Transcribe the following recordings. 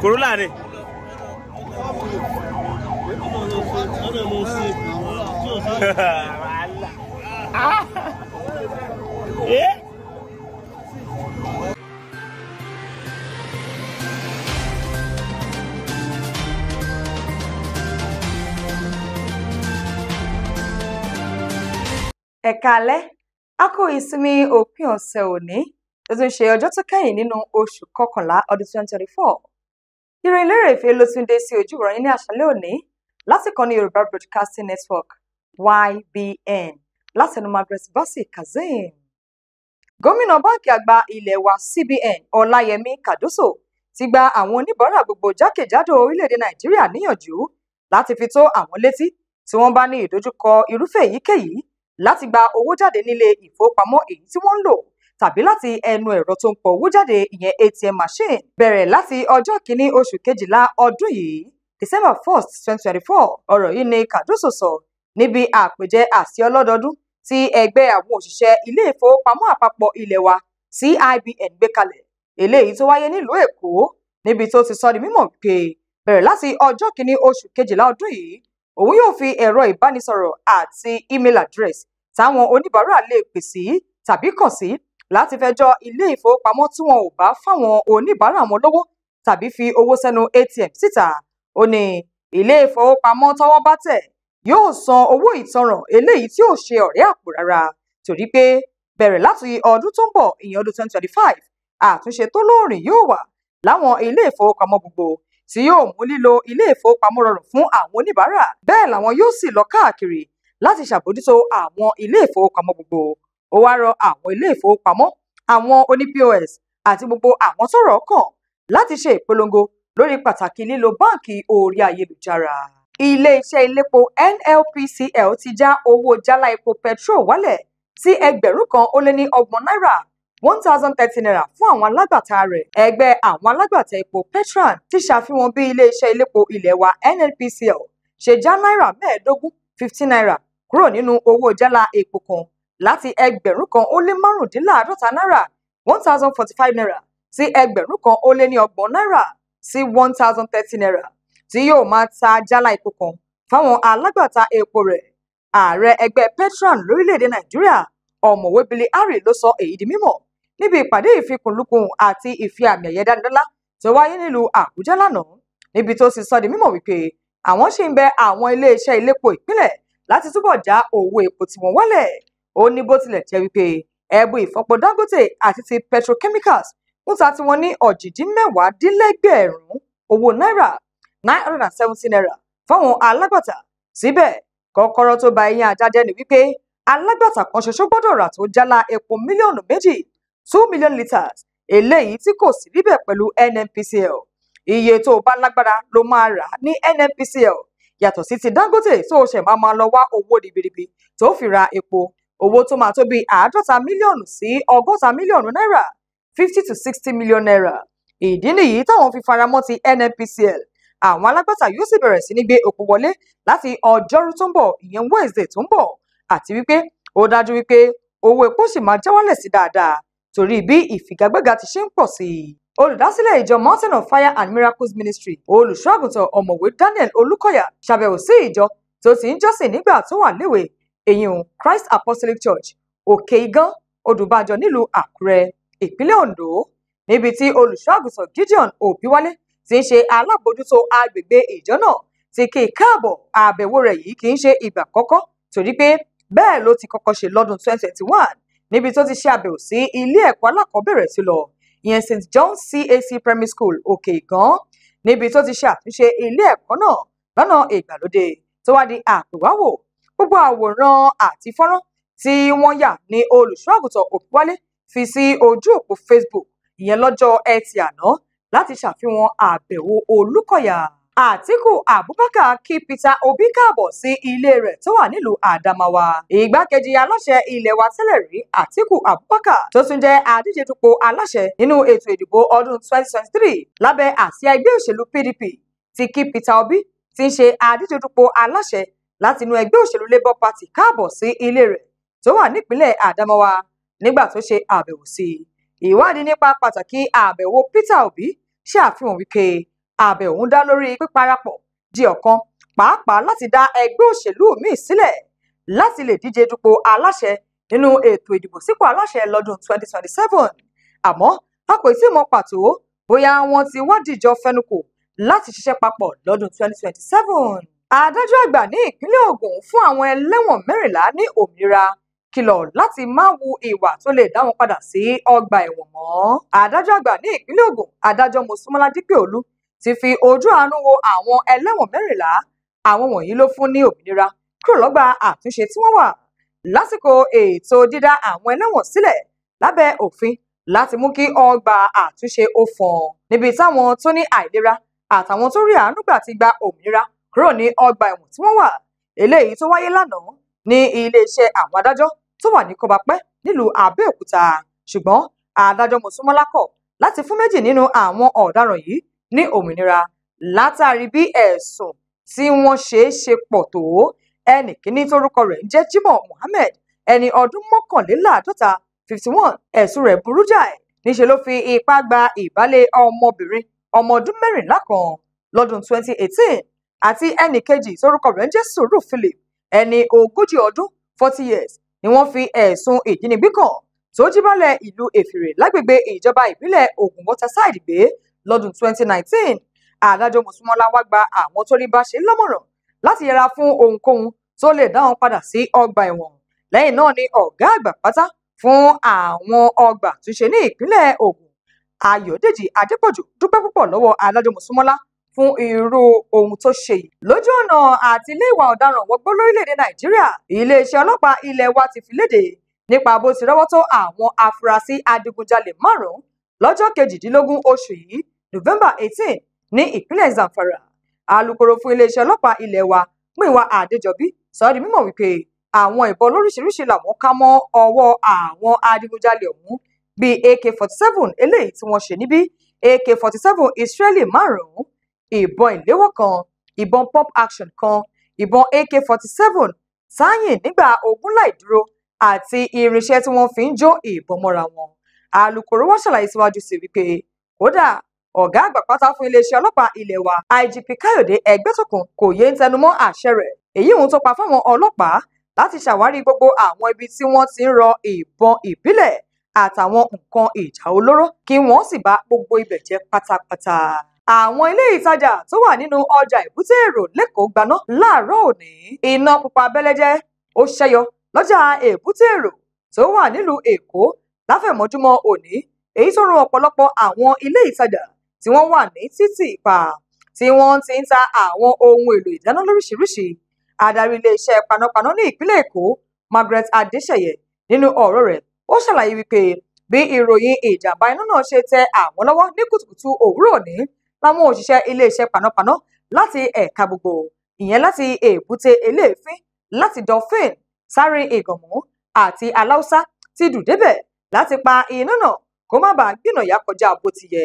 Corolla ni. Ah! Eh? ẹ̀ka alẹ́ a kú ìsinmi òpin ọ̀sẹ̀ òní tó tún ṣe ọjọ́ tó kẹ́yìn nínú oṣù kọkànlá ọdún twenty twenty ìròyìn eléré ìfẹ́ ló tún dé sí ojú ìwòran ní àṣálẹ́ òní láti ìkànnì Yorùbá Broadcasting Network YBN láti ẹnu Margaret Bassey Kazeem. Gómìnà báǹkì àgbà ilé wa CBN Ọláyẹmí Kàdóso ti gba àwọn oníbàárà gbogbo jákèjádò orílẹ̀-èdè Nàìjíríà níyànjú láti fi tó àwọn létí tí wọ́n bá ní ìdojúkọ irúfẹ́ èyíkéyìí láti gba owó jáde nílé ìfowópamọ́ èyí tí wọ́n ń lò tàbí láti ẹnu ẹ̀rọ tó ń pọ̀ owó jáde ìyẹn ATM machine bẹ̀rẹ̀ láti ọjọ́ kìíní oṣù kejìlá ọdún yìí December first twenty twenty four ọ̀rọ̀ yìí ni Cardoso sọ níbi àpèjẹ àsíá ọlọ́dọọdún tí ẹgbẹ́ àwọn òṣìṣẹ́ ilé ìfowópamọ́ àpapọ̀ ilé wa CIBN gbé kalẹ̀ eléyìí tó wáyé nílùú Èkó níbi tó ti sọ di mímọ̀ pé bẹ̀rẹ̀ láti ọjọ́ kìíní oṣù kejìlá ọdún yìí òun yóò fi ẹ̀rọ ìbánisọ̀rọ̀ àti email address táwọn oníbàárà lè pè sí tàbí kàn sí láti fẹjọ́ ilé ìfowópamọ́ tí wọn ò bá fáwọn oníbàárà wọn lówó tàbí fi owó sẹ́nu atm síta ó ní ilé ìfowópamọ́ tọ́wọ́ bá tẹ̀ yóò san owó ìtanràn eléyìí tí ò ṣe ọ̀rẹ́ àpò rárá torí pé bẹ̀rẹ̀ láti ọdún tó ń bọ̀ ìyẹn ọdún twenty twenty five àtúnṣe tó lóòrìn yóò wà láwọn ilé ìfowópamọ́ gbogbo tí yóò mú lílo ilé ìfowópamọ́ rọrùn fún àwọn oníbàárà bẹ́ẹ̀ làwọn yóò sì lọ káàkiri láti ṣàbójútó àwọn ilé ìfowópamọ́ gbogbo ó wáá rọ àwọn ilé ìfowópamọ́ àwọn oní pos àti gbogbo àwọn tọ́rọ̀ kàn láti ṣe ìpolongo lórí pàtàkì lílo báǹkì orí ayélujára iléeṣẹ́ iléepo NLPCL ti já owó jálá epo petrol wálẹ̀ sí ẹgbẹ̀rún kan ó lé ní ọgbọ̀n náírà one thousand thirty naira fún àwọn alágbàtà rẹ̀. ẹgbẹ́ àwọn alágbàtà epo petran ti ṣàfihàn bí iléeṣẹ́ iléepo ilẹ̀ wa NNPCL ṣe já náírà mẹ́ẹ̀ẹ́dógún fifteen naira kúrò nínú owó jálá epo kan láti ẹgbẹ̀rún kan ó lé márùndínláàádọ́ta náírà one thousand forty five naira sí ẹgbẹ̀rún kan ó lé ní ọgbọ̀n náírà sí one thousand thirty naira tí yóò máa ta jálá epo kan fáwọn alágbàtà epo rẹ̀ ààrẹ ẹgbẹ́ petron lórílẹ̀‐èdè nàìjíríà ọ̀mọ̀wé Billy Harry ló sọ èyí di mímọ̀ níbi ìpàdé ìfikùnlukùn àti ìfi àmì ẹ̀yẹ dánilọ́lá tó wáyé nílùú àbújá lánàá níbi tó ti sọ di mímọ̀ wípé àwọn ṣì ń bẹ àwọn iléeṣẹ́ ilépo ìpínlẹ̀ láti túbọ̀ já owó epo tí wọ́n wálẹ̀ ó ní bó tilẹ̀ jẹ́ wípé ẹ̀bùn ìfọpo Dangote àti ti petrochemicals ń ta tiwọn ní ọ̀jìndínmẹ́wàádínlẹ́gbẹ̀rún owó náírà nine hundred and seventy naira fáwọn alágbàtà síbẹ̀ kọ́kọ́rọ́ tó ba ẹyin àjáde ni wípé alágbàtà kan ṣoṣo gbọ́dọ̀ rà tó jálá epo mílíọ̀nù méjì two million litres eléyìí tí kò sí níbẹ̀ pẹ̀lú NNPCL iye tó o bá lágbára ló máa rà ní NNPCL yàtọ̀ sí ti Dangote tó o ṣẹ̀ máa máa lọ wá owó ribiribi tó fi ra epo owó tó máa tó bí àádọ́ta mílíọ̀nù sí ọgọ́ta mílíọ̀nù náírà fifty to sixty million naira ìdí nìyí táwọn fi faramọ́ ti NNPCL àwọn alágbàtà yóò sì bẹ̀rẹ̀ sí ní gbé òpó wọlé láti ọjọ́rú tó ń bọ̀ ìyẹn Wednesday tó ń bọ̀ àti wípé ó dájú wípé owó epo sì máa já sí dáadáa torí bí ìfigagbága ti ṣe ń pọ̀ sí i. olùdásílẹ̀ ìjọ Mountain of Fire and Miracles Ministry olùṣọ́àgùntàn ọ̀mọ̀wé Daniel Olúkọ̀yà ṣàbẹ̀wò sí ìjọ tó ti ń jọ́sìn nígbà tó wà léwe èyíùn Christ Apostolic Church òkè igán odùbàjọ nílùú Àkúrẹ́ ìpínlẹ̀ Ondo níbi tí olùṣọ́àgùsàn Gideon Òbíwálé ti ń ṣe alábòójútó agbègbè ìjọ náà ti kí i káàbọ̀ àbẹ̀wò rẹ̀ yìí kì í ṣe ìgbà àkọ́kọ́ torí pé bẹ́ẹ̀ ló ti kọ́kọ́ ṣe lọ́dún 2021 níbi tó ti ṣe àbẹ̀wò sí ilé ẹ̀kọ́ alákọ̀ọ́bẹ̀rẹ̀ tí lọ ìyẹn St John CAC Primary School òkè ìgán níbi tó ti ṣe àtúnṣe ilé ẹ̀kọ́ náà lọ́nà ìgbàlódé tó wá di àpèwáwò gbogbo àwòrán àti fọ́nrán tí wọ́n yà ní olùṣọ́àgùtàn òkúwálé fi sí ojú òpó facebook ìyẹn lọ́jọ́ ẹtì àná láti ṣàfihàn àbẹ̀wò olùkọ̀yà àtíkù abubakar kí peter obi káàbọ̀ sí ilé rẹ̀ tó wà nílùú adamawa ìgbákejì aláṣẹ ilẹ̀ wa tẹ́lẹ̀ rí àtíkù abubakar tó tún jẹ́ adíje dupò aláṣẹ nínú ètò ìdìbò ọdún 2023 lábẹ́ àsíá ẹgbẹ́ òṣèlú pdp ti kí peter obi ti ń ṣe adíje dupò aláṣẹ látinú ẹgbẹ́ òṣèlú labour party káàbọ̀ sí ilé rẹ̀ tó wà nípínlẹ̀ àdámọ́wá nígbà tó ṣe àbẹ̀wò sí i ìwádìí nípa pàtàkì àbẹ̀wò peter obi ṣe àfihàn wípé àbẹ̀ òun dá lórí píparapọ̀ di ọ̀kan pàápàá láti dá ẹgbẹ́ òṣèlú míì sílẹ̀ láti lè díje dupò aláṣẹ nínú ètò ìdìbò sípò aláṣẹ lọ́dún 2027 àmọ́ a kò tí ì mọ pàtó bóyá wọ́n ti wádìí jọ fẹnukò láti ṣiṣẹ́ papọ̀ lọ́dún 2027 adájọ́ àgbà ní ìpínlẹ̀ Ògùn fún àwọn ẹlẹ́wọ̀n mẹ́rìnlá ní òmìnira kìlọ̀ láti má wu ìwà tó lè dá wọn padà sí ọgbà ẹ̀wọ̀n mọ́ adájọ́ àgbà ní ìpínlẹ̀ Ògùn adájọ́ Mosúnmọ́lá Dípẹ́olú ti fi ojú àánú wo àwọn ẹlẹ́wọ̀n mẹ́rìnlá àwọn wọ̀nyí ló fún ní òmìnira kúrò lọ́gbà àtúnṣe tí wọ́n wà lásìkò ètò dídá àwọn ẹlẹ́wọ̀n sílẹ̀ lábẹ́ òfin láti mú kí ọgbà àtúnṣe ó fọ̀n níbi táwọn tó ní àìlera àtàwọn tó rí àánú gbà ti gba òmìnira kúrò ní ọgbà ẹ̀wọ̀n tí wọ́n wà eléyìí tó wáyé lánàá ní iléeṣẹ́ àwọn adájọ́ tó wà ní kọbapẹ́ nílùú Abẹ́òkúta ṣùgbọ́n adájọ́ Mosúnmọ́lá kọ̀ láti fún méjì nínú àwọn ọ̀daràn yìí ní òmìnira látàrí bí ẹ̀sùn tí wọ́n ṣe é ṣe pọ̀ tó ẹnì kíní tórúkọ rẹ̀ ń jẹ́ Jimoh Muhammed ẹni ọdún mọ́kànléláàádọ́ta fifty one ẹ̀sùn rẹ̀ burú jáì níṣẹ́ ló fi ipá gba ìbálẹ̀ ọmọbìnrin ọmọ ọdún mẹ́rìnlá kan lọ́dún twenty eighteen àti ẹnì kejì torúkọ rẹ̀ ń jẹ́ sùúrù philip ẹni ogójì ọdún forty years ni wọ́n fi ẹ̀sùn ìjínigbé kàn tó jí bálẹ̀ ìlú èfìrè lágbègbè ìjọba ìbílẹ̀ ògùn waterside gbé lọ́dún twenty nineteen adájọ́ mùsùlùmọ́lá wá gba àwọn tó rí bá ṣe lọ́mọ̀ràn láti yẹra fún ohunkóhun tó lè dá wọn padà sí ọgbà ẹ̀wọ̀n lẹ́yìn náà ni ọ̀gá àgbà pátá fún àwọn ọgbà túnṣe ní ìpínlẹ̀ ògùn ayọ̀dèjì adépọ̀jù dúpẹ́ púpọ̀ lọ́wọ́ adájọ́ mùsùlùmọ́lá fún irú ohun tó ṣe yìí. lójú ọ̀nà àti ilé ìwà ọ̀daràn wọgbó lórílẹ̀‐èdè nàìjíríà iléeṣẹ́ ọlọ́pàá ilẹ̀ wa ti fìlédè nípa bó ti rọ́wọ́ tó àwọn afurasí adigunjalè márùn-ún lọ́jọ́ kejìdínlógún oṣù yìí november eighteen ní ìpínlẹ̀ zamfara alūkkóró fún iléeṣẹ́ ọlọ́pàá ilẹ̀ wa Múyìwá Àdéjọbí sọ di mímọ̀ wípé àwọn ìbọn lóríṣiríṣi làwọn ká mọ́ ọwọ́ àwọn adigunjalè ọ̀hún bíi ak forty seven eléyìí tí wọ́n ṣe níbí ak forty seven israeli márùn-ún ìbọn ìléwọ́ kan ìbọn pump action kan ìbọn ak-47 sáyìn nígbà ogun láìdúró àti irinṣẹ́ tí wọ́n fi ń jó ìbọn mọ́ra wọn alūkkóró wa ṣàlàyé síwájú sí wípé kódà ọ̀gá àgbà pátá fún iléeṣẹ́ ọlọ́pàá ilé wa igp káyọ̀dé ẹgbẹ́tòkun kò yéé ń tẹnumọ́ àṣẹ rẹ̀ èyí ń tó pa fáwọn ọlọ́pàá láti ṣàwárí gbogbo àwọn ibi tí wọ́n ti ń rọ ìbọn ìbílẹ̀ àtàwọn nǹkan ìjà olóró kí wọ́n sì bá gbogbo ibẹ̀ jẹ́ pátápátá àwọn ilé ìtajà tó wà nínú ọjà èbúté èrò lẹ́kọ̀ọ́ gbaná láàárọ̀ òní iná pupa bẹ́lẹ́jẹ́ ó ṣẹyọ lọ́jà èbúté èrò tó wà nílùú èkó láfẹ̀mọ́júmọ́ òní èyí tó rún ọ̀pọ̀lọpọ̀ àwọn ilé ìtajà tí wọ́n wà ní títì pa tí wọ́n ti ń ta àwọn ohun èlò ìdáná lóríṣiríṣi adarí iléeṣẹ́ panápaná ní ìpínlẹ̀ èkó Margaret Adéṣẹ̀yẹ nínú ọ̀rọ̀ rẹ̀ ó ṣàlàyé wípé bí ìròyìn ìjàmbá iná náà ṣe tẹ àwọn lọ́wọ́ ní kùtùkùtù òwúrọ̀ ní láwọn òṣìṣẹ́ iléeṣẹ́ panápaná láti ẹ̀ka gbogbo ìyẹn láti èbúté eléèfín láti dolphin sáré ìgànmú àti aláùsá ti dù débẹ̀ láti pa iná náà kó má bàa gbìnàyà kọjá bó ti yẹ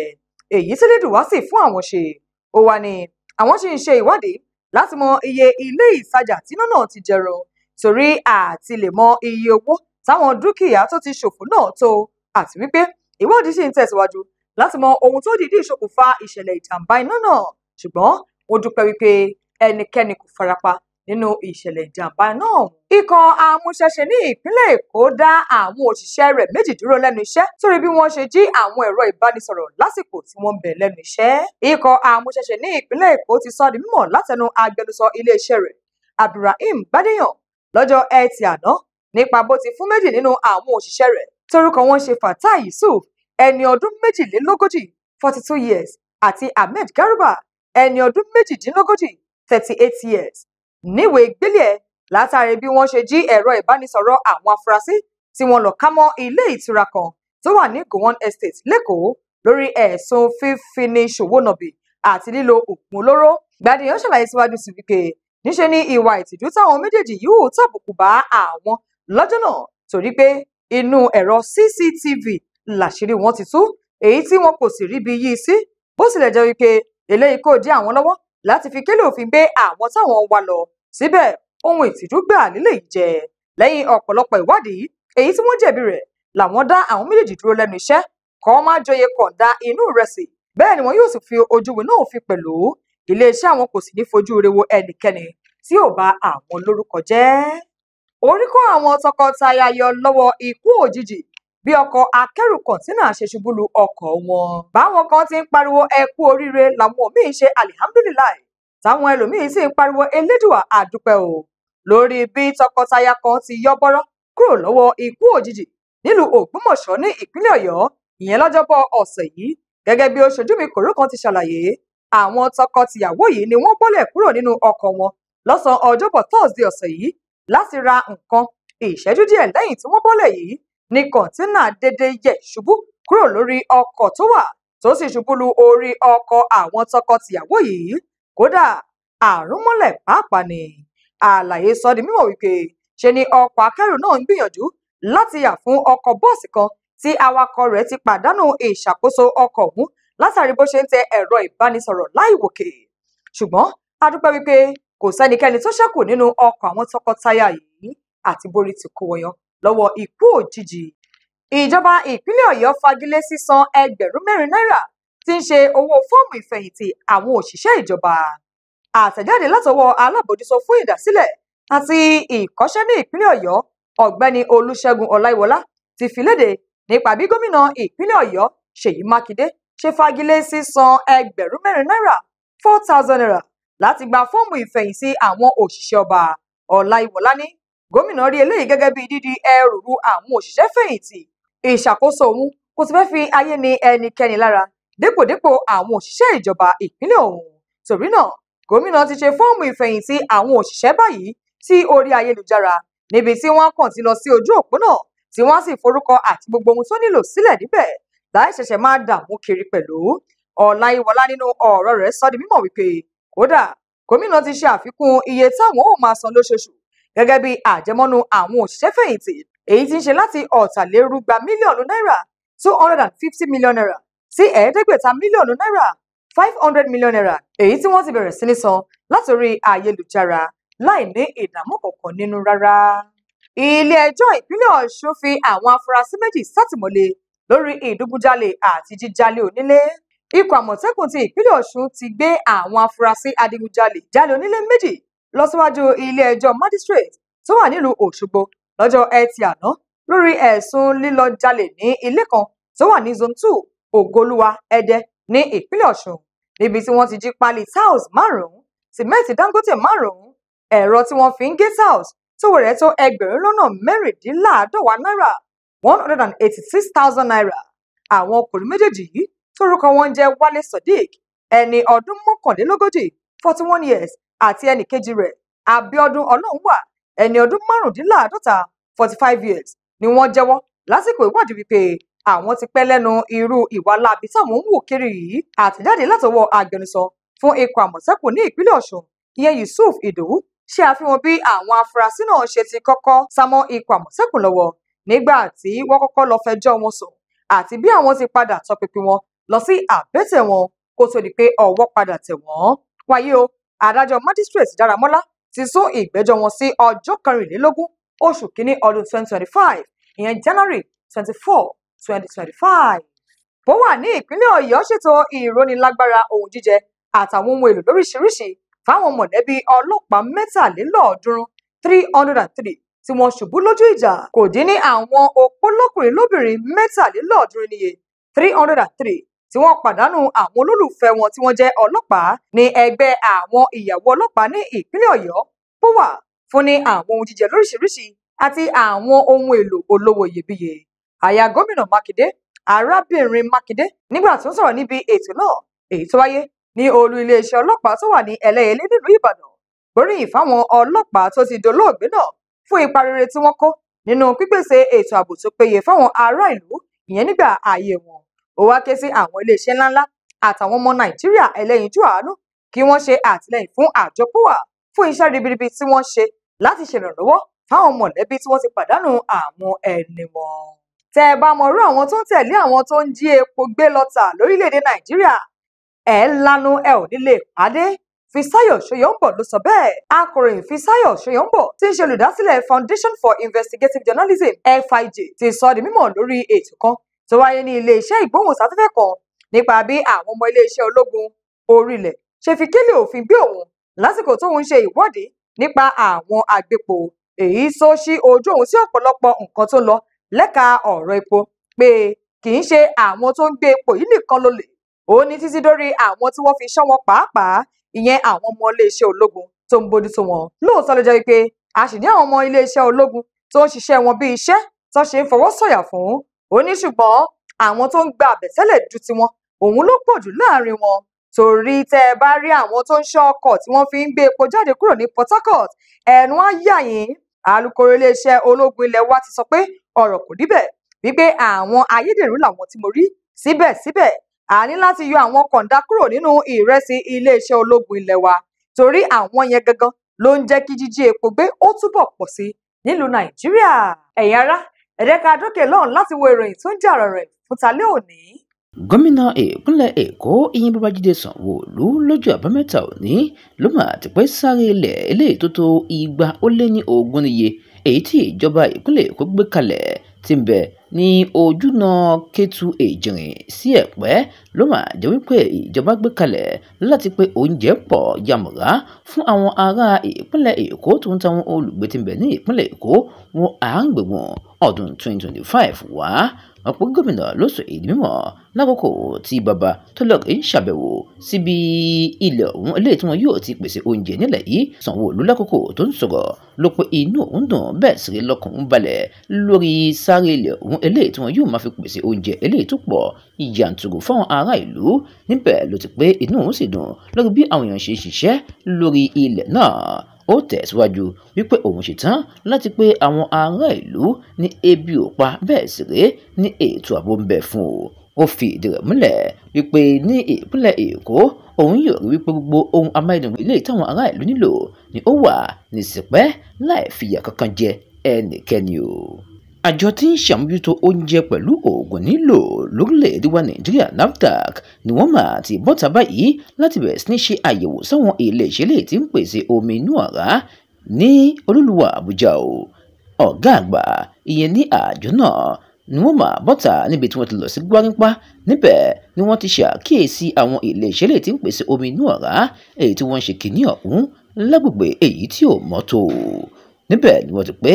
èyí tí lẹ́dùwá sì fún àwọn ṣe ó wà ní àwọn sì ń ṣe ìwádìí láti mọ iye ilé ìsajà tíná náà ti jẹrọ torí àti lè mọ iye owó táwọn dúkìá tó ti ṣòfò náà tó àti wípé ìwádìí sì ń tẹ̀síwájú láti mọ ohun tó dìídì ṣokùnfà ìṣẹ̀lẹ̀ ìjàmbá iná náà ṣùgbọ́n ó dúpẹ́ wípé ẹnikẹ́ni kò farapa nínú ìṣẹ̀lẹ̀ ìjàmbá náà. ikọ̀ amúṣẹ́ṣe ní ìpínlẹ̀ Èkó dá àwọn òṣìṣẹ́ rẹ̀ méjì dúró lẹ́nu iṣẹ́ sórí bí wọ́n ṣe jí àwọn ẹ̀rọ ìbánisọ̀rọ̀ lásìkò tí wọ́n ń bẹ lẹ́nu iṣẹ́. ikọ̀ amúṣẹ́ṣe ní ìpínlẹ̀ Èkó ti sọ di mímọ̀ látẹnu agbẹnusọ iléeṣẹ́ rẹ̀ Abdulrahim Gbádéyàn lọ́jọ́ Ẹtì àná nípa bó ti fún méjì nínú àwọn òṣìṣẹ́ rẹ̀ torúkọ wọn ṣe Fatai Yusuf ẹni ọdún méjìlélógójì forty two years àti ahmed garba ẹni ọdún méjìdínlógójì thirty eight years níwèé gbélé ẹ̀ látàrí bí wọ́n ṣe jí ẹ̀rọ ìbánisọ̀rọ̀ àwọn afurasí tí wọ́n lọ ká mọ́ ilé ìtura kan tó wà ní gowon estate lẹ́kọ̀ọ́ lórí ẹ̀sùn fífini ṣòwò nọ̀bì àti lílo oògùn olóró gbàdéyàn ṣàlàyé síwájú sí wípé níṣe ni ìwà ìtìjú táwọn méjèèjì yóò tàbùkù bá àwọn lọ́jọ́ náà torí pé inú ẹ̀rọ cctv làṣírí wọn ti tú èyí tí wọn kò sì ríbi yìí sí bó tilẹ̀ jẹ́ wípé eléyìí kò dí àwọn lọ́wọ́ láti fi kélé òfin gbé àwọn táwọn wá lọ síbẹ̀ ohun ìtìjú gbà nílé yìí jẹ lẹ́yìn ọ̀pọ̀lọpọ̀ ìwádìí èyí tí wọ́n jẹ̀bi rẹ̀ làwọn dá àwọn méjèèjì dúró lẹ́nu iṣẹ́ kọ́ má jọyè kọ̀ǹda inú ìrẹsì bẹ́ẹ̀ ni wọn yóò sì fi ojúwe náà fi pẹ̀lú iléeṣẹ́ àwọn kò sì ní fojú rewo ẹnikẹ́ni tí ò bá àwọn lórúkọ jẹ́ orí kó àwọn tọkọtaya yọ lọ́wọ́ ikú òjijì bí ọkọ̀ akẹ́rù kọ̀ǹtínà ṣe ṣubú lu ọkọ̀ wọn. báwọn kan ti ń pariwo ẹ kú oríire làwọn míín ṣe alihamdulilayi táwọn ẹlòmíín sì ń pariwo elédùà àdúpẹ́ o lórí bí tọkọtaya kan ti yọ bọ́rọ́ kúrò lọ́wọ́ ikú òjijì nílùú ògbómọ̀ṣọ́ ní ìpínlẹ̀ ọ̀yọ́ ìyẹn lọ́jọ́bọ̀ ọ̀sẹ̀ yìí gẹ́gẹ́ bí oṣojú mi kòró kan ti ṣàlàyé àwọn tọkọtìyàwó yìí ni wọ́n bọ́lẹ̀ kúrò nínú ọkọ̀ wọn lọ́sàn-án ọjọ́bọ̀ tọ́sídẹ̀ẹ́ ọ̀sẹ̀ yìí láti ra nǹkan ìṣẹ́jú díẹ̀ lẹ́yìn tí wọ́n bọ́lẹ̀ yìí ni kọ̀ńténà dédé yẹ̀ ṣubú kúrò lórí ọkọ̀ tó wà tó sì ṣubú lu orí ọkọ̀ àwọn tọkọ-tìyàwó yìí kódà àrùnmọ́lẹ̀ pàápàá ni àlàyé sọ di mímọ̀ wípé ṣe ni ọkọ̀ akẹ́rù náà ń gbìyànjú láti yà fún ọkọ̀ bọ́ọ̀sì kan tí awakọ̀ rẹ̀ ti pàdánù ìṣàkóso ọkọ̀ ọ̀hún látàrí bó ṣe ń tẹ ẹ̀rọ ìbánisọ̀rọ̀ láìwòkè ṣùgbọ́n a dúpẹ́ wípé kò sẹ́nikẹ́ni tó ṣẹ́kù nínú ọkọ̀ àwọn tọkọtaya yìí àti borí ti kó wọyọ lọ́wọ́ ikú òjijì ìjọba ìpínlẹ̀ Ọ̀yọ́ fagilé sísan ẹgbẹ̀rún mẹ́rin náírà tí ń ṣe owó fọ́ọ̀mù ìfẹ̀yìntì àwọn òṣìṣẹ́ ìjọba àtẹ̀jáde látọwọ́ alábòjútó fún ìdásílẹ̀ àti ìkọ́ṣẹ́ ní ìpínlẹ̀ Ọ̀yọ́ ọ̀gbẹ́ni Olúṣẹ́gun Ọláìwọlá ti fi léde nípa bí gómìnà ìpínlẹ̀ Ọ̀yọ́ Ṣèyí Mákindé ṣe fagilé sísan ẹgbẹ̀rún mẹ́rin náírà four thousand naira láti gba fọ́ọ̀mù ìfẹ̀yìntì àwọn òṣìṣẹ́ ọba Ọláìwọlá ní gómìnà rí eléyìí gẹ́gẹ́ bí dídi ẹrù ru àwọn òṣìṣẹ́ fẹ̀yìntì ìṣàkóso òun kò sì fẹ́ fi ayé ni ẹnikẹ́ni lára dépòdépò àwọn òṣìṣẹ́ ìjọba ìpínlẹ̀ ọ̀hún torí náà gómìnà ti ṣe fọ́ọ̀mù ìfẹ̀yìntì àwọn òṣìṣẹ́ báyìí sí orí ayélujára níbi tí wọ́n kàn ti lọ sí ojú òpó náà tí wọ́n sì forúkọ àti gbogbo ohun tó nílò sílẹ̀ níbẹ̀ láì ṣẹ̀ṣẹ̀ máa dààmú kiri pẹ̀lú ọláyíwọlá nínú ọ̀rọ̀ rẹ̀ sọ di mímọ̀ wípé kódà gómìnà ti ṣe àfikún iye táwọn ò máa san lóṣooṣù gẹ́gẹ́ bí àjẹmọ́nú àwọn òṣìṣẹ́fẹ̀yìntì èyí tí ń ṣe láti ọ̀tàlérúgba mílíọ̀nù náírà two hundred and fifty million naira sí ẹ̀ẹ́dẹ́gbẹ̀ta mílíọ̀nù náírà five hundred million naira èyí tí wọ́n ti bẹ̀rẹ̀ sí ní san látòrí ayélujára láì ní ìdààmú kankan nínú rárá. ilé-ẹjọ́ ìpínlẹ̀ ọ̀ṣun fi àwọn afurasí méjì sátìmọ́lé lórí ìdígunjalè àti jíjalè onílé ikọ̀ àmọ̀tẹ́kùn ti ìpínlẹ̀ ọ̀ṣun ti gbé àwọn afurasí adigunjalè jalè onílé méjì lọ síwájú ilé-ẹjọ́ magistrate tó wà nílùú Òṣogbo lọ́jọ́ Ẹtì àná lórí ẹ̀sùn lílọ jalè ní ilé kan tó wà ní zone two Ògoluwa Ẹdẹ ní ìpínlẹ̀ Ọ̀ṣun níbi tí wọ́n ti jí pálí tiles márùn-ún sìmẹ́ǹtì Dangote márùn-ún ẹ̀rọ tí wọ́n fi ń gé tiles tówó rẹ̀ tó ẹgbẹ̀rún lọ́nà mẹ́rìndínláàádọ́wà náírà one hundred and eighty-six thousand naira àwọn ọkùnrin méjèèjì yìí tórúkọ wọn jẹ́ Wálé Sodiq ẹni ọdún mọ́kànlélógójì forty one years àti ẹnì kejì rẹ̀ Abíọ́dún Ọlọ́runwà ẹni ọdún márùndínláàádọ́ta forty five years ni wọ́n jẹ́wọ́ lásìkò ìwádìí wípé àwọn ti pẹ́ lẹ́nu irú ìwà láabi táwọn ń wò kiri yìí àtẹ̀jáde látọwọ́ agbẹnusọ fún ikọ̀ àmọ̀tẹ́kùn ní ìpínlẹ̀ Ọ̀ṣun ìyẹn Yusuf Ìdòwú ṣe àfihàn bí àwọn afurasí náà ṣe ti kọ́kọ́ sá mọ́ ikọ̀ àmọ̀tẹ́kùn lọ́wọ́ nígbà tí wọ́n kọ́kọ́ lọ fẹjọ́ wọn sùn àti bí àwọn ti padà tọpinpin wọn lọ sí àbẹ́tẹ̀ wọn kó tó di pé ọwọ́ padà tẹ̀ wọ́n wáyé o adájọ́ magistrate dáramọ́lá ti sún ìgbẹ́jọ́ wọn sí ọjọ́ kẹrìnlélógún oṣù kínní ọdún 2025 ìyẹn january 24 2025 bó wà ní ìpínlẹ̀ ọ̀yọ́ ṣètò ìrónilágbára ohun jíjẹ àtàwọn ohun èlò lóríṣìíríṣìí fáwọn mọ̀lẹ́bí ọlọ́pàá mẹ́tàlélọ́ọ̀ọ́dúnrún three hundred and three tí wọ́n ṣubú lójú ìjà kò dín ní àwọn opó lọ́kùnrin lóbìnrin mẹ́tàlélọ́ọ̀ọ́dúnrún níye three tí wọ́n pàdánù àwọn olólùfẹ́ wọn tí wọ́n jẹ́ ọlọ́pàá ní ẹgbẹ́ àwọn ìyàwó ọlọ́pàá ní ìpínlẹ̀ Ọ̀yọ́ púwà fún ní àwọn ohun jíjẹ lóríṣiríṣi àti àwọn ohun èlò olówó iyebíye àyà gómìnà Mákindé arábìnrin Mákindé nígbà tó ń sọ̀rọ̀ níbi ètò náà èyí tó wáyé ní olú iléeṣẹ́ ọlọ́pàá tó wà ní Ẹlẹ́yẹlé nílùú Ìbàdàn gbóríyìn fáwọn ọlọ́pàá tó ti dolóògbé náà fún ipa rere tí wọ́n kó nínú pípèsè ètò ààbò tó péye fáwọn ará ìlú ìyẹn nígbà ayé wọn ó wá ké sí àwọn iléeṣẹ́ ńláńlá àtàwọn ọmọ nàìjíríà ẹlẹ́yinjú àánú kí wọ́n ṣe àtìlẹ́yìn fún àjọ powa fún iṣẹ́ ribiribi tí wọ́n ṣe láti ṣèrànlọ́wọ́ fáwọn mọ̀lẹ́bí tí wọ́n ti pàdánù àwọn ẹni wọn. tẹ ẹ bá mọrú àwọn tó ń tẹ̀lé àwọn tó ń jí epo gbé lọ́tà lórílẹ̀‐èdè nàìjíríà ẹ lanu ẹ ò ní lè pàdé Fisáyọ̀ Ṣóyọ̀ǹbọ̀ ló sọ bẹ́ẹ̀. Akọ̀ròyìn Fisáyọ̀ Ṣóyọ̀ǹbọ̀ tí ń ṣe olùdásílẹ̀ Foundation for Investigative Journalism FIJ ti sọ di mímọ̀ lórí ètò kan tó wáyé ní iléeṣẹ́ ìgbóhùnsáfẹ́fẹ́ kan nípa bí àwọn ọmọ iléeṣẹ́ ológun orílẹ̀ ṣe fi kélé òfin gbé òun lásìkò tóun ṣe ìwọ́de nípa àwọn àgbépo èyí tó ṣí ojú òun sí ọ̀pọ̀lọpọ̀ nǹkan tó lọ lẹ́ka ọ̀rọ̀ epo pé kì í ṣe àwọn tó ń gbé epo yìí nìkan lólè ó ní títí dórí àwọn tí wọ́n fi ṣọ́ pàápàá ìyẹn àwọn ọmọ iléeṣẹ́ ológun tó ń bójú tó wọn lóòótọ́ ló jẹ́ wípé a sì ní àwọn ọmọ iléeṣẹ́ ológun tó ń ṣiṣẹ́ wọn bí iṣẹ́ tó ṣe ń fọwọ́ sọ̀yà fún ó ní ṣùgbọ́n àwọn tó ń gba àbẹ̀tẹ́lẹ̀ ju tiwọn òun ló pọ̀ jù láàrin wọn torí tẹ́ ẹ bá rí àwọn tó ń ṣọ́ ọkọ̀ tí wọ́n fi ń gbé epo jáde kúrò ní Port Harcourt ẹnu á yà yín alūkkóró iléeṣẹ́ ológun ilẹ̀ wa ti sọ pé ọ̀rọ̀ kò níbẹ̀ wípé àwọn ayédèrú làwọn tí mo rí síbẹ̀síbẹ̀ a ní láti yọ àwọn kọ̀ǹda kúrò nínú ìrẹsì iléeṣẹ́ ológun ilẹ̀ wa torí àwọn yẹn gangan ló ń jẹ́ kí jíjí epo gbé ó túbọ̀ pọ̀ sí nílùú Nàìjíríà ẹ̀yin ará ẹ̀dẹ́ ká dókè lọ́hùn láti wo ìròyìn tó ń jà rọ̀rọ̀ ìfútalẹ́ òní. gómìnà ìpínlẹ̀ èkó ìyẹn babájídé sanwó-olú lójú àbámẹ́ta òní ló mà ti pẹ́ sáré ilẹ̀ eléyìí tó tó igba ó lé ní ogún níye èyí tí ìjọba ìpínlẹ̀ èkó gbé kalẹ̀ tí bẹ ní ojúnà Kétu Èjìrìn sí Ẹ̀pẹ́ ló mà jẹ́ wípé ìjọba gbé kalẹ̀ láti pé oúnjẹ pọ̀ yàmùrá fún àwọn ará ìpínlẹ̀ Èkó tó ń táwọn olùgbé tí bẹ ní ìpínlẹ̀ Èkó wọn à ń gbẹ̀gbọ̀n ọdún 2025 wá ọ̀pọ̀ gómìnà ló sọ èyí lákòókò tí bàbá Goodluck ń ṣàbẹ̀wò síbi ilẹ̀ ọ̀hún eléyìí tí wọn yóò ti pèsè oúnjẹ nílẹ̀ yìí Sanwó-Olú lákòókò tó ń sọ̀rọ̀ ló pé inú òun dùn bẹ́ẹ̀ sì rí lọ́kàn balẹ̀ lórí sáré ilẹ̀ ọ̀hún eléyìí tí wọn yóò máa fi pèsè oúnjẹ eléyìí tó pọ̀ yàntúrù fáwọn ará ìlú níbẹ̀ ló ti pé inú òun sì dùn lórí bí àwọn èèyàn ṣe ṣiṣẹ́ lórí ilẹ̀ náà ó tẹ̀síwájú wípé òun ṣetán láti pé àwọn ará ìlú ní ebi ò pa bẹ́ẹ̀ sì rèé ní ètò ààbò ń bẹ fún o ó fi ìdí rẹ̀ múlẹ̀ wípé ní ìpínlẹ̀ èkó òun yóò rí wípé gbogbo ohun amáyédẹrùn ilé táwọn ará ìlú nílò ni ó wà ní ìsìpẹ́ láì fìyà kankan jẹ ẹnikẹ́ni o àjọ tí ń ṣàmójútó oúnjẹ pẹ̀lú oògùn nílò lórílẹ̀‐èdè wa nàìjíríà nafdac ni wọ́n máa ti bọ́ta báyìí láti bẹ̀rẹ̀ sí ní ṣe àyẹ̀wò sáwọn iléeṣẹ́ lè ti ń pèsè omi inú ọ̀rá ní olúluwà àbújá o ọ̀gá àgbà ìyẹn ní àjọ náà ni wọ́n máa bọ́ta níbi tí wọ́n ti lọ sí gbárípá níbẹ̀ ni wọ́n ti ṣàkíyèsí àwọn iléeṣẹ́ lè ti ń pèsè omi inú ọ̀rá èyí tí wọ́n ń ṣe kìíní ọ̀hún lágbègbè èyí tí ò mọ́tò níbẹ̀ ni wọ́n ti pé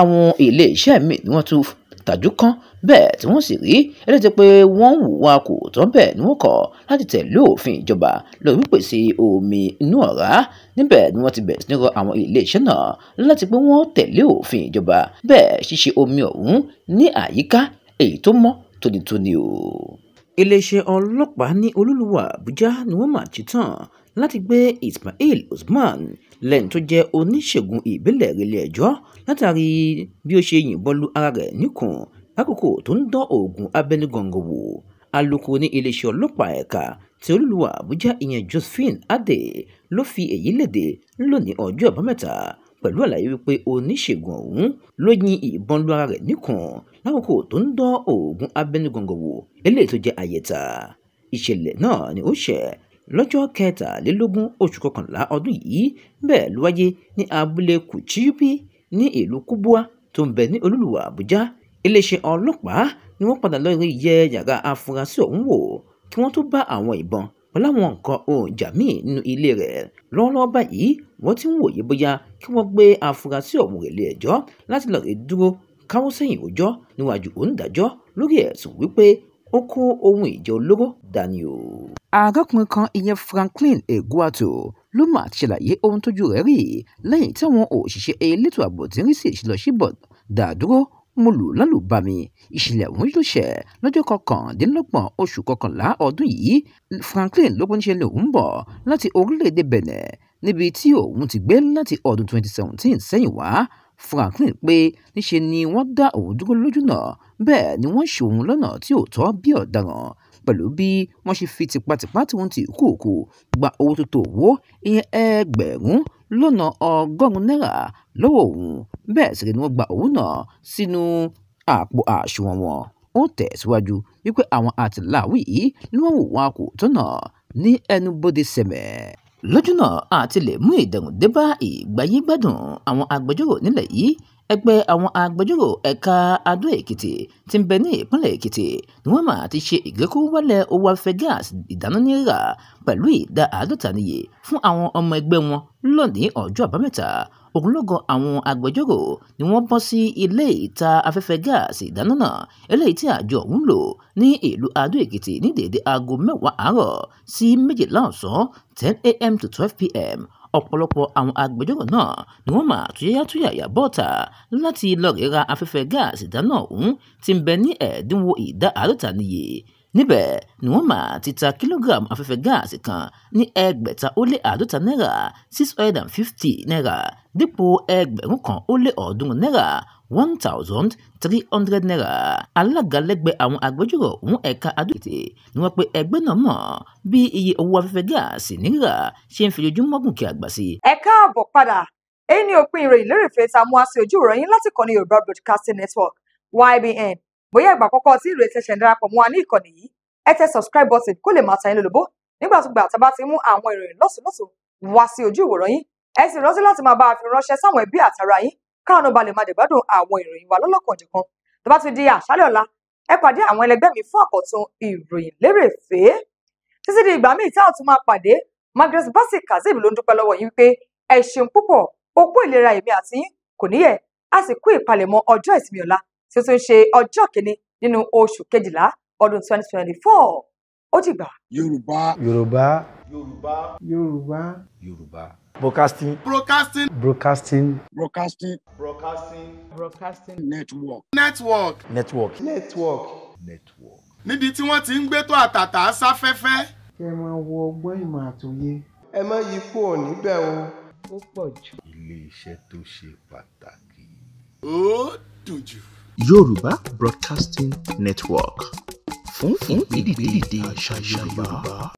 àwọn iléeṣẹ́ míì ni wọ́n tún tàjú kán bẹ́ẹ̀ tí wọ́n sì rí ẹni tí pé wọ́n ń wùwà kò tán bẹ́ẹ̀ ni wọ́n kọ̀ láti tẹ̀lé òfin ìjọba lórí pípèsè omi inú ọ̀rá níbẹ̀ ni wọ́n ti bẹ̀rẹ̀ sí ní rọ àwọn iléeṣẹ́ náà láti pé wọ́n tẹ̀lé òfin ìjọba bẹ́ẹ̀ ṣíṣe omi ọ̀hún ní àyíká èyí tó mọ́ tónítóní o. iléeṣẹ́ ọlọ́pàá ní olúluwà àbújá ni wọ́n mà ti tàn láti gbé Ismail Usman lẹ́yìn tó jẹ́ oníṣègùn ìbílẹ̀ relé ẹjọ́ látàrí bí ó ṣe yìnbọn lu ara rẹ̀ níkùn lákòókò tó ń dán oògùn abẹ́lé gọ̀ǹgọ̀ wò alukoro ní iléeṣẹ́ ọlọ́pàá ẹ̀ka tí olúluwà Àbújá ìyẹn Josephine Adé ló fi èyí léde lónìí ọjọ́ àbámẹ́ta pẹ̀lú àlàyé wípé oníṣègùn ọ̀hún ló yin ìbọn lu ara rẹ̀ níkùn lákòókò tó ń dán oògùn abẹ́nugọ̀ngọ̀ wò eléyìí tó jẹ́ àyẹ̀tà ìṣẹ̀lẹ̀ náà ni ó ṣẹ̀ lọ́jọ́ kẹtàlélógún oṣù kọkànlá ọdún yìí bẹ́ẹ̀ ló wáyé ní abúlé kùchíbí ní ìlú kubua tó ń bẹ ní olúluwà àbújá iléeṣẹ́ ọlọ́pàá ni wọ́n padà lọ yẹ yàrá afurasí ọ̀hún wò kí wọ́n tó bá àwọn ìbọn pẹ̀lú àwọn nǹkan òòjà míì nínú ilé rẹ̀ lọ́wọ́lọ́wọ́ báyìí wọ́n ti ń wòye bóyá kí wọ́n gbé afurasí ọ̀hún rẹ̀ lé ẹjọ́ láti lọ́ọ́ rẹ̀ dúró káwọ́ sẹ́yìn òjọ́ níwájú onídàájọ́ lórí ẹ̀sùn wípé ó kó ohun ìjà olóró dání o. arákùnrin kan ìyẹn Franklin Eguato ló mà ti ṣàlàyé ohun tójú rẹ̀ rí lẹ́yìn táwọn òṣìṣẹ́ elétò ààbò ti ń rí sí ìṣìlọ́síbọ̀ dàdúró mo lù lálùbami ìṣẹ̀lẹ̀ ọ̀hún ló ṣẹ̀ lọ́jọ́ kọkàndínlọ́gbọ̀n oṣù kọkànlá ọdún yìí Franklin ló kún ṣe lòun bọ̀ láti orílẹ̀-èdè Benin níbi tí òun ti gbé láti ọdún 2017 sẹ́yìn wá Franklin pé níṣe ni wọ́n dá òun dúró lójúnà bẹ́ẹ̀ ni wọ́n ṣòun lọ́nà tí ò tọ́ bí ọ̀daràn pẹ̀lú bí wọ́n ṣe fi tipátipá tí wọ́n ti kúkú gba owó tó tó owó ìyẹn ẹgbẹ̀rún lọ́nà ọgọ́rùn náírà lọ́wọ́ òun bẹ́ẹ̀ sì ni wọ́n gba owó náà sínú àpò àṣùwọ̀n wọn ó tẹ̀síwájú wípé àwọn àtìláwí ni wọ́n wò wọn kò tọ́nà ní ẹnubodè sẹ̀mẹ̀ lójúnà àti lè mú ìdẹ̀rùn débá ìgbáyé gbádùn àwọn agbẹjọ́rò nílẹ̀ yìí ẹgbẹ́ àwọn agbẹjọ́rò ẹ̀ka adó èkìtì tí ń bẹ ní ìpínlẹ̀ èkìtì ni wọ́n máa ti ṣe ìgékúrúwálẹ̀ owó afẹ́ gáàsì ìdáná náírà pẹ̀lú ìdá àádọ́ta níye fún àwọn ọmọ ẹgbẹ́ wọn lónìí ọjọ́ àbámẹ́ta ogunlọ́gọ̀ àwọn agbẹjọ́rò ni wọ́n bọ́ sí ilé ìta afẹ́fẹ́ gáàsì ìdáná náà eléyìí tí àjọ ọ̀hún lò ní ìlú adó èkìtì ní déédé aago mẹ́wàá àárọ̀ sí méjìlá ọ̀sán ten a.m. to twelve p.m ọ̀pọ̀lọpọ̀ àwọn agbẹjọ́rò náà ni wọ́n máa túyáyá túyàyà bọ́ọ̀tà láti lọ́ọ̀rẹ́ ra afẹ́fẹ́ gáàsì ìdáná ọ̀hún tí ń bẹ ní ẹ̀ẹ́dínwó ìdá àádọ́ta níye níbẹ̀ ni wọ́n máa ti ta kílógíráàmù afẹ́fẹ́ gáàsì kan ní ẹgbẹ̀ta ó lé àádọ́ta náírà six hundred and fifty náírà dípò ẹgbẹ̀rún kan ó lé ọ̀ọ́dúnrún náírà one thousand three hundred naira alágalẹ́gbẹ̀ẹ́ àwọn agbẹjọ́rò fún ẹ̀ka adókèté ni wọ́n pe ẹgbẹ́ náà mọ̀ bí iye owó afẹ́fẹ́ gáàsì níra ṣe ń fojoojúmọ́ gùn kí àgbà sí. ẹ káàbọ̀ padà èyí ni òpin ìròyìn lérèfé ta mú wá sí ojú ìròyìn láti ìkànnì Yorùbá Broadcasting Network YBN bóyá ìgbà àkọ́kọ́ tí ìròyìn ṣẹ̀ṣẹ̀ ń darapọ̀ mọ́ wa ní ìkànnì yìí ẹ tẹ subscribe button kó lè máa ta yín lólobó nígbàtúgbà tá a bá ti mú àwọn ìròyìn lọ́sọ̀lọ́sọ̀ wá sí ojú ìwòran yín ẹ sì rántí láti máa bá a fi ránṣẹ́ sáwọn ẹbí àtàrà yín káwọn ọba lè máa dẹ̀gbádùn àwọn ìròyìn wa lọ́lọ́kanòjọ̀kan tó bá ti di àṣálẹ̀ ọ̀la ẹ pàdé àwọn ẹlẹgbẹ́ mi fún àkọ́tún ìròyìn lérèfé títí di ìgbà míì tí a tún máa pàdé Margaret Bassey Kazeem ló ń dúpẹ́ lọ́wọ́ yín wípé ẹ ṣeun púpọ̀ òkú ìlera èmi àti yín kò níyẹ̀ a sì kú ìpalẹ̀mọ́ ọjọ́ ìsinmi ọ̀la tí ó tún ṣe ọjọ́ kìíní nínú oṣù kejìlá ọdún 2024 ó dìgbà. Yorùbá Yorùbá Yorùbá Yorùbá Yorùbá. Broadcasting. Broadcasting. Broadcasting. Broadcasting. Broadcasting. Broadcasting. Network. Network. Network. Network. Network. Níbi tí wọ́n ti ń gbé tó àtàtà sáfẹ́fẹ́. Ẹ máa wo ọgbọ́n ìmọ̀ àtòyé. Ẹ má yí kú ọ̀ níbẹ̀ o. Ó pọ̀ jù. ilé tó ṣe pàtàkì. Ó dùn jù. Yorùbá Broadcasting Network fún ìgbèdìde àṣà Yorùbá.